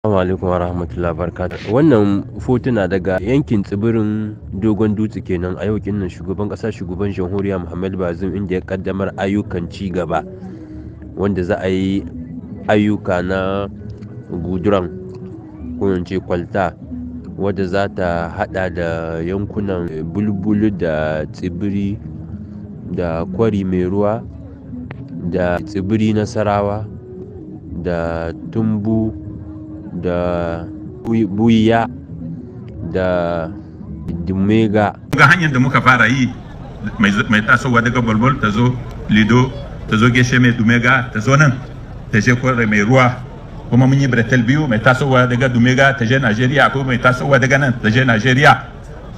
Assalamu alaikum warahmatullahi Wannan fotuna daga yankin tsibirin Dogon Dutse kenan a yau kinnan shugaban ƙasa shugaban jamhuriya Muhammad Bazoum inda ya kaddamar ayyukan ci gaba wanda za a yi ayyuka na guduran ko in ce kwalta wadda za ta hada da yankunan bulbulu da tsibiri da kwari mai ruwa da tsibiri nasarawa da tumbu da buya da dumega ga hanyar da muka fara yi mai tasowa daga bulbul ta zo lido ta zo geshe mai dumega ta zo nan ta je kwarai mai ruwa kuma mun yi bretel biyu mai tasowa daga dumega ta je najeriya ko mai tasowa daga nan ta je najeriya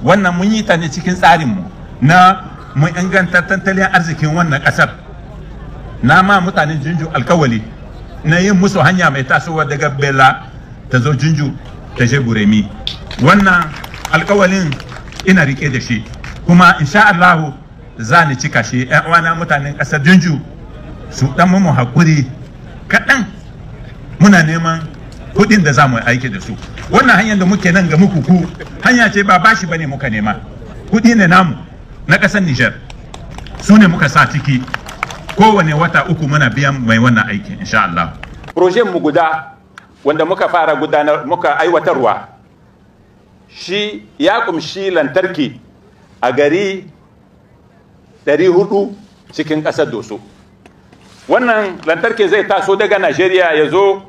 wannan mun yi ta ne cikin tsarinmu na mun inganta tattalin arzikin wannan kasar na ma mutanen jinju alkawali na yin musu hanya mai tasowa daga bela ta zo jinju ta je buremi wannan alkawalin ina rike da shi kuma insha Allahu za ni cika shi uwana mutanen ƙasar jinju su dan mu hakuri kaɗan muna neman kuɗin da za mu aiki da su wannan hanyar da muke nan ga muku ku hanya ce ba bashi bane muka nema kuɗi ne namu na ƙasar Nijar su ne muka sa ciki kowane wata uku muna biyan mai wannan aikin insha Allah. projet mu guda wanda muka fara gudanar muka aiwatarwa shi ya kumshi lantarki a gari 400 cikin ƙasar doso wannan lantarki zai taso daga najeriya ya zo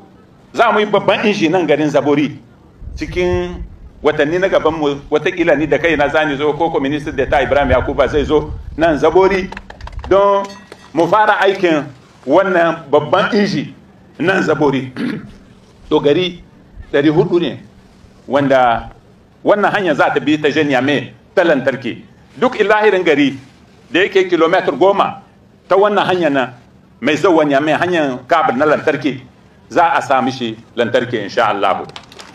za mu yi babban inji nan garin zabori cikin watanni na gaban mu watakila ni da kai na zani zo ko ministan da ta ibrahim yakuba zai zo nan zabori don mu fara aikin wannan babban inji nan zabori dogari dari hudu ne wanda wannan hanya za ta bi ta je mai ta lantarki duk ilahirin gari da yake kilometer goma ta wannan hanya na mai zuwa ya mai hanyar kabir na lantarki za a sami shi lantarki insha Allah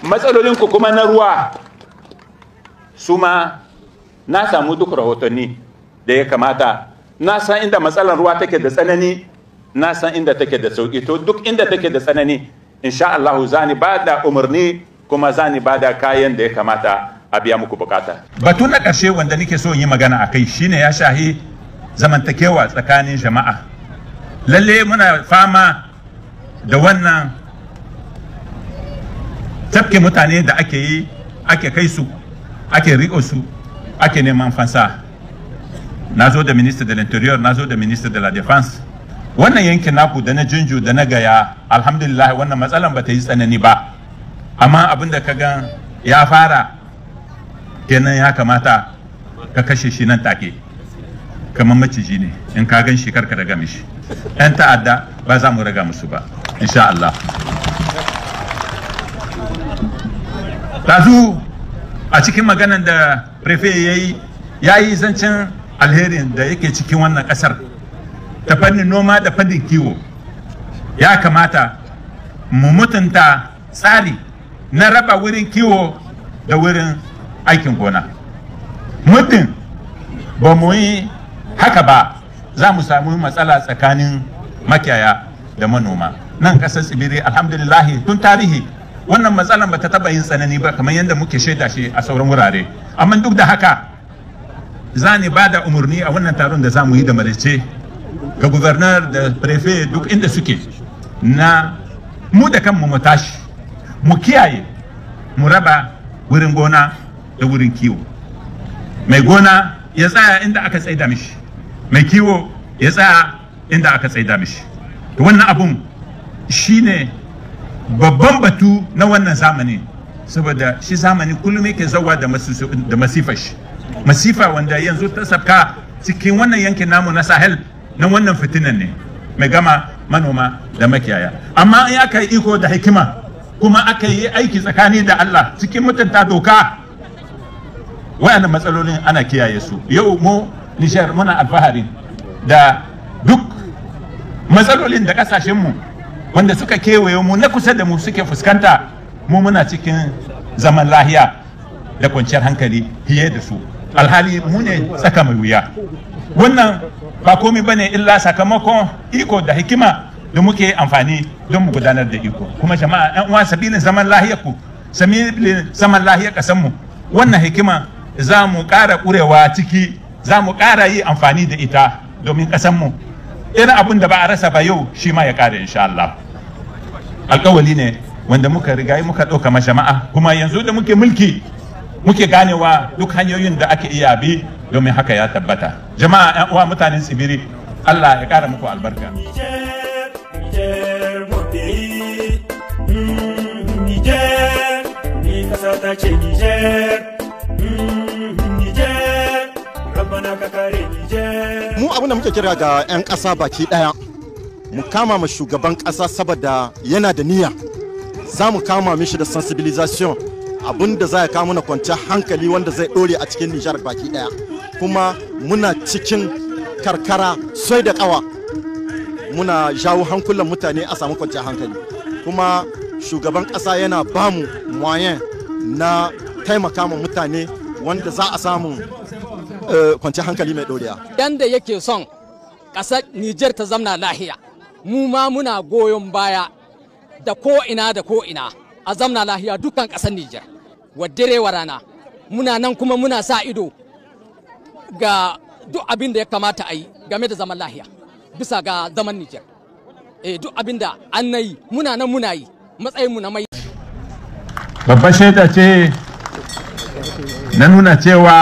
matsalolinku kuma na ruwa su ma na samu duk rahotanni da ya kamata na san inda matsalar ruwa take da tsanani na san inda take da sauki to duk inda take da tsanani insha allahu zani ni bada umarni kuma zani ni bada kayan da ya kamata a biya muku bukata batu na ƙarshe wanda nake so yi magana a kai shine ya shahi zamantakewa tsakanin jama'a lalle muna fama da wannan tafke mutane da ake yi ake kai su ake riƙo su ake neman fansa na zo da minista de l'interior na da minista de la defense. wannan yankin naku da na jinju da na gaya alhamdulillah wannan matsalan ba ta yi tsanani ba amma abin da ka gan ya fara kenan ya kamata ka kashe shi nan take kamar maciji ne in ka gan shi karka raga mishi yan ta'adda ba za mu raga musu ba insha Allah tazu a cikin maganan da prefe ya yi zancen alherin da yake cikin wannan ƙasar. Ta fannin noma da fannin kiwo ya kamata mu mutunta tsari na raba wurin kiwo da wurin aikin gona muddin ba mu yi haka ba za mu samu matsala tsakanin makiyaya da manoma nan kasar tsibiri alhamdulillahi tun tarihi wannan matsalan ba ta taba yin tsanani ba kamar yadda muke shaida shi a sauran wurare amma duk da haka za ni ba da umarni a wannan taron da za mu yi da marice ga gubernar da prefe duk inda suke na mu da kanmu mu tashi mu kiyaye mu raba wurin gona da wurin kiwo mai gona ya tsaya inda aka tsaida mishi mai kiwo ya tsaya inda aka tsaida mishi to wannan abun shine babban batu na wannan zamani saboda shi zamani kullum yake zawa da masifa shi masifa wanda yanzu ta sabka cikin wannan yankin namu na sahel na wannan fitinan ne mai gama manoma da makiyaya amma in aka yi iko da hikima kuma aka yi aiki tsakani da Allah cikin mutunta doka wayan matsalolin ana kiyaye su yau mu nishar muna alfahari da duk matsalolin da mu wanda suka kewaye mu na kusa da mu suke fuskanta mu muna cikin zaman lahiya da kwanciyar hankali fiye da su alhali mu ne tsaka mai wuya wannan ba ba bane illa sakamakon iko da hikima da muke amfani don mu gudanar da iko kuma jama'a yan uwa sabilin zaman lahiyar ku sabilin zaman lahiyar kasan mu wannan hikima za mu ƙara ƙurewa ciki za mu ƙara yi amfani da ita domin kasan mu irin abin da ba a rasa ba yau shi ma ya ƙara insha Allah alƙawali ne wanda muka riga muka ɗauka ma jama'a kuma yanzu da muke mulki muke ganewa duk hanyoyin da ake iya bi domin haka ya tabbata jama'a yan uwa mutanen tsibiri Allah ya kara muku albarka mu abin da muke kira ga 'yan ƙasa baki ɗaya mu kama ma shugaban ƙasa saboda yana da niyya za mu kama mishi da sensibilisation abin da za kawo mana kwanciyar hankali wanda zai ɗore a cikin nijar baki daya kuma muna cikin karkara sai da kawa muna jawo hankulan mutane a samu kwanciyar hankali kuma shugaban kasa yana bamu moyen na taimaka ma mutane wanda za a samu eh, kwanciyar hankali mai ɗoriya. Yanda yake son ƙasar Nijar ta zamna lahiya, mu ma muna goyon baya da ko ina da ko ina. a zamna lahiya dukkan kasar Nijar waddare wa rana muna nan kuma muna sa ido ga duk abin da ya kamata a yi game da zaman lahiya bisa ga zaman Nijar e duk abin da an na yi muna nan muna yi matsayin mu na mai babbar shaida ce na nuna cewa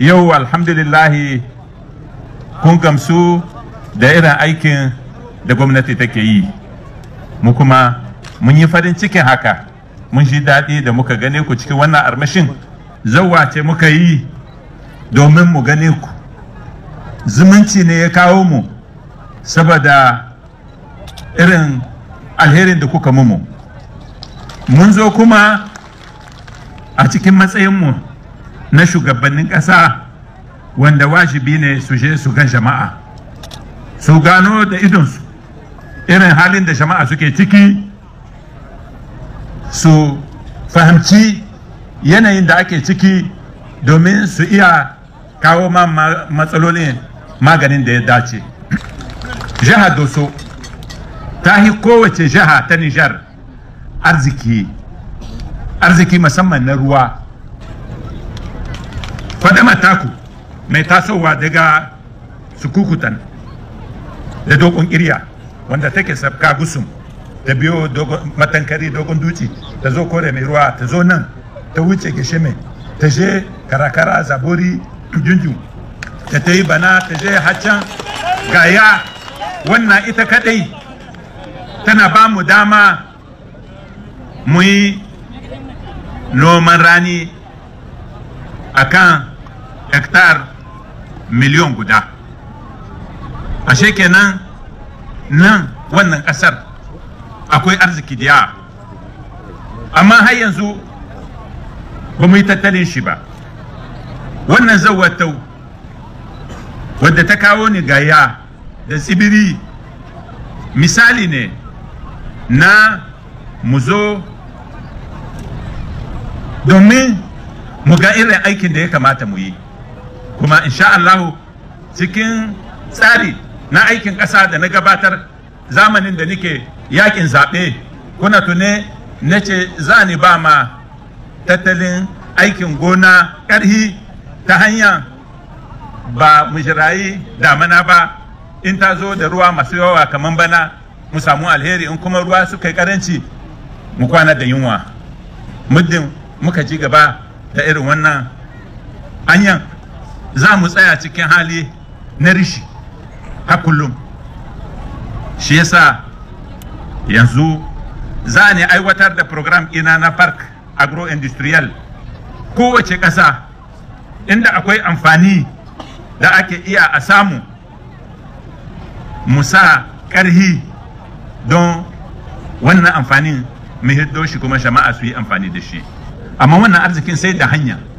yau alhamdulillahi kun gamsu da irin aikin da gwamnati take yi mu kuma mun yi farin cikin haka mun ji daɗi da muka gane ku cikin wannan armashin zauwa ce muka yi domin mu gane ku zumunci ne ya kawo mu saboda irin alherin da kuka mumu mun zo kuma a cikin matsayinmu na shugabannin ƙasa wanda wajibi ne su je su gan jama'a su gano da idonsu irin halin da jama'a suke ciki su fahimci yanayin da ake ciki domin su iya kawo ma matsalolin maganin da ya dace jihar doso ta yi kowace jiha ta nijar arziki arziki musamman na ruwa fadama taku mai tasowa daga sukukutan da dokon irya wanda take sabka gusum ta biyo matankari dogon duci ta zo kore mai ruwa ta zo nan ta wuce gishime ta je karakara zabori junju ta ta yi bana ta je haccan gaya wannan ita kadai tana ba mu dama mu yi noman rani a kan hektar miliyon guda a shekenan nan wannan kasar akwai arziki da amma har yanzu ba mu yi tattalin shi ba wannan zawatau wadda ta kawo ni gaya da tsibiri misali ne na mu zo domin mu ga irin aikin da ya kamata mu yi kuma insha Allahu cikin tsari na aikin ƙasa da na gabatar zamanin da nike yakin zaɓe kuna tune na ce za ni ba ma tattalin aikin gona ƙarhi ta hanya ba mu shirayi damana ba in ta zo da ruwa masu yawa kamar bana mu samu alheri in kuma ruwa suka yi karanci mu kwana da yunwa muddin muka ji gaba da irin wannan Hanyar za mu tsaya cikin hali na rishi a kullum shi yasa yanzu za ne aiwatar da program ina na park agro-industrial kowace ƙasa inda akwai amfani da ake iya a samu musa ƙarhi don wannan amfanin mu hiddo shi kuma shama'a su yi amfani da shi amma wannan arzikin sai da hanya